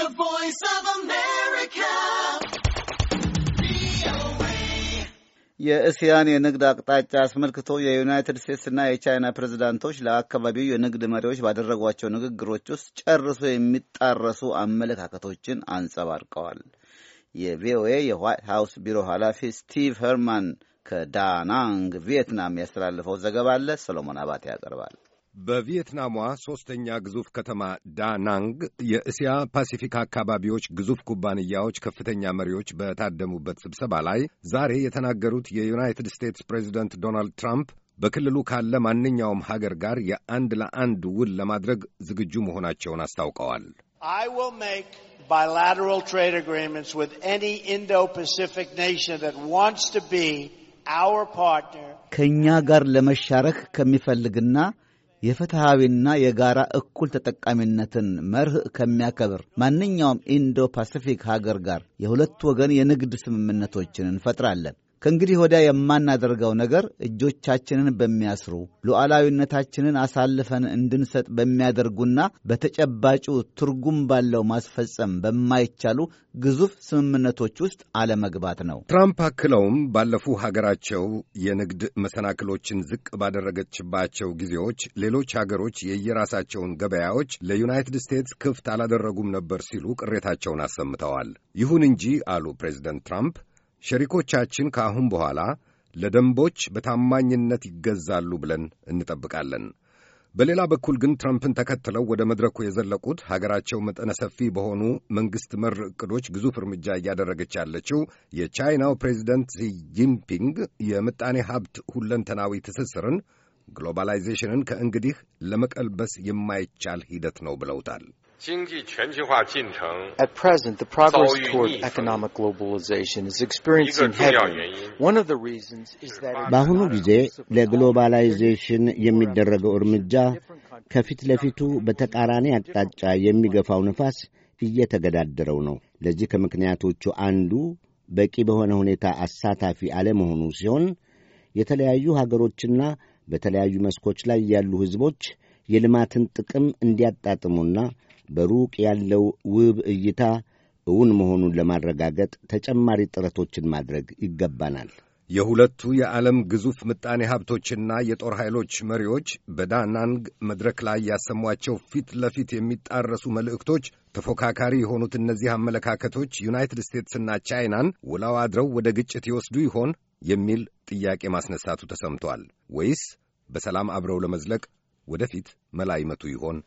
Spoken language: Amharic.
The Voice of America. የእስያን የንግድ አቅጣጫ አስመልክቶ የዩናይትድ ስቴትስና የቻይና ፕሬዝዳንቶች ለአካባቢው የንግድ መሪዎች ባደረጓቸው ንግግሮች ውስጥ ጨርሶ የሚጣረሱ አመለካከቶችን አንጸባርቀዋል። የቪኦኤ የዋይት ሃውስ ቢሮ ኃላፊ ስቲቭ ሄርማን ከዳናንግ ቪየትናም ያስተላልፈው ዘገባ አለ። ሰሎሞን አባቴ ያቀርባል። በቪየትናሟ ሦስተኛ ግዙፍ ከተማ ዳናንግ የእስያ ፓሲፊክ አካባቢዎች ግዙፍ ኩባንያዎች ከፍተኛ መሪዎች በታደሙበት ስብሰባ ላይ ዛሬ የተናገሩት የዩናይትድ ስቴትስ ፕሬዚደንት ዶናልድ ትራምፕ በክልሉ ካለ ማንኛውም ሀገር ጋር የአንድ ለአንድ ውል ለማድረግ ዝግጁ መሆናቸውን አስታውቀዋል። ከእኛ ጋር ለመሻረክ ከሚፈልግና የፍትሐዊና የጋራ እኩል ተጠቃሚነትን መርህ ከሚያከብር ማንኛውም ኢንዶ ፓሲፊክ ሀገር ጋር የሁለት ወገን የንግድ ስምምነቶችን እንፈጥራለን። ከእንግዲህ ወዲያ የማናደርገው ነገር እጆቻችንን በሚያስሩ ሉዓላዊነታችንን አሳልፈን እንድንሰጥ በሚያደርጉና በተጨባጩ ትርጉም ባለው ማስፈጸም በማይቻሉ ግዙፍ ስምምነቶች ውስጥ አለመግባት ነው። ትራምፕ አክለውም ባለፉ ሀገራቸው የንግድ መሰናክሎችን ዝቅ ባደረገችባቸው ጊዜዎች ሌሎች ሀገሮች የየራሳቸውን ገበያዎች ለዩናይትድ ስቴትስ ክፍት አላደረጉም ነበር ሲሉ ቅሬታቸውን አሰምተዋል። ይሁን እንጂ አሉ ፕሬዚደንት ትራምፕ ሸሪኮቻችን ከአሁን በኋላ ለደንቦች በታማኝነት ይገዛሉ ብለን እንጠብቃለን። በሌላ በኩል ግን ትራምፕን ተከትለው ወደ መድረኩ የዘለቁት ሀገራቸው መጠነ ሰፊ በሆኑ መንግሥት መር ዕቅዶች ግዙፍ እርምጃ እያደረገች ያለችው የቻይናው ፕሬዚደንት ሲጂንፒንግ የምጣኔ ሀብት ሁለንተናዊ ትስስርን ግሎባላይዜሽንን ከእንግዲህ ለመቀልበስ የማይቻል ሂደት ነው ብለውታል። At present, the progress toward economic globalization is experiencing headwinds. One of the reasons is that በአሁኑ ጊዜ ለግሎባላይዜሽን የሚደረገው እርምጃ ከፊት ለፊቱ በተቃራኒ አቅጣጫ የሚገፋው ነፋስ እየተገዳደረው ነው። ለዚህ ከምክንያቶቹ አንዱ በቂ በሆነ ሁኔታ አሳታፊ አለመሆኑ ሲሆን የተለያዩ ሀገሮችና በተለያዩ መስኮች ላይ ያሉ ሕዝቦች የልማትን ጥቅም እንዲያጣጥሙና በሩቅ ያለው ውብ እይታ እውን መሆኑን ለማረጋገጥ ተጨማሪ ጥረቶችን ማድረግ ይገባናል። የሁለቱ የዓለም ግዙፍ ምጣኔ ሀብቶችና የጦር ኃይሎች መሪዎች በዳናንግ መድረክ ላይ ያሰሟቸው ፊት ለፊት የሚጣረሱ መልእክቶች ተፎካካሪ የሆኑት እነዚህ አመለካከቶች ዩናይትድ ስቴትስና ቻይናን ውላው አድረው ወደ ግጭት ይወስዱ ይሆን የሚል ጥያቄ ማስነሳቱ ተሰምቷል። ወይስ በሰላም አብረው ለመዝለቅ ወደፊት መላ ይመቱ ይሆን?